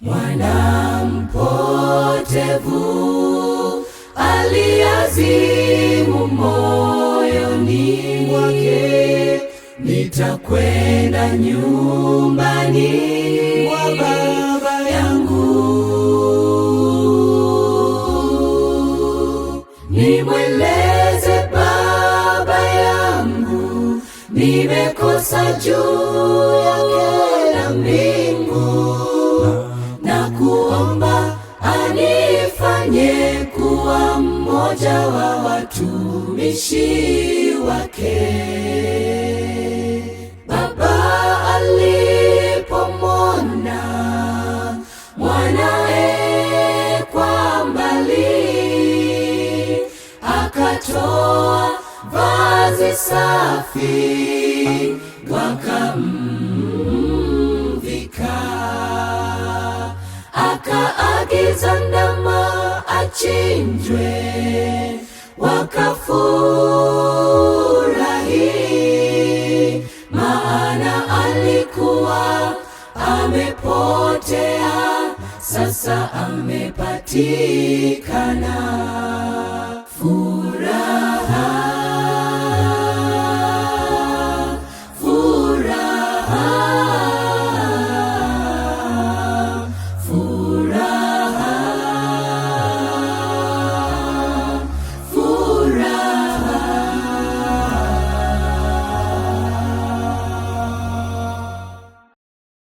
Mwana mpotevu aliazimu moyoni mwake, nitakwenda nyumbani mwa baba yangu. Nimweleze baba yangu nimekosa juu yake dhambi mmoja wa watumishi wake. Baba alipomwona mwanae kwa mbali, akatoa vazi safi wakamvika, akaagiza wachinjwe wakafurahi, maana alikuwa amepotea, sasa amepatikana.